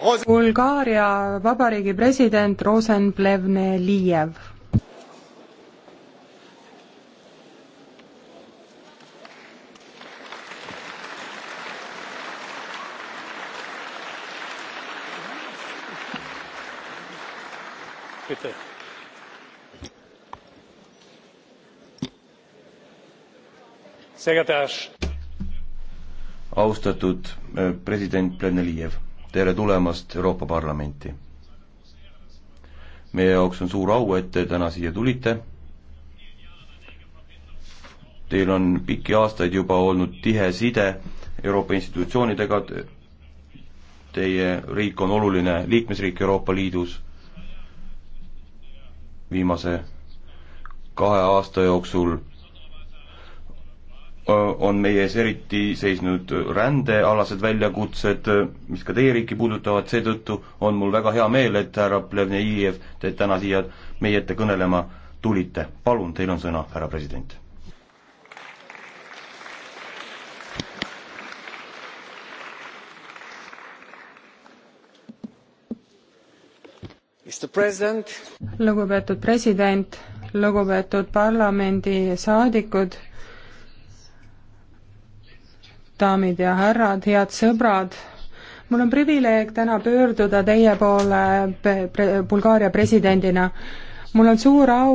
Rose... Bulgaaria Vabariigi president Rosen Plevneliev. Bitte. Sehr geehrter Herr austatud äh, president Plenelijev, tere tulemast Euroopa Parlamenti! meie jaoks on suur au, et te täna siia tulite. Teil on pikki aastaid juba olnud tihe side Euroopa institutsioonidega, teie riik on oluline liikmesriik Euroopa Liidus viimase kahe aasta jooksul Äh, on meie ees eriti seisnud rändealased väljakutsed, äh, mis ka teie riiki puudutavad, seetõttu on mul väga hea meel, et härra Plevnejev, te täna siia meie ette kõnelema tulite. palun, teil on sõna, härra president. lugupeetud president, lugupeetud parlamendisaadikud, daamid ja härrad, head sõbrad, mul on privileeg täna pöörduda teie poole Bulgaaria presidendina. mul on suur au